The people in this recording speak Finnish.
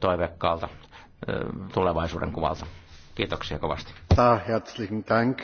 toiveikkaalta tulevaisuuden kuvalta. Kiitoksia kovasti. Äh, herzlichen Dank.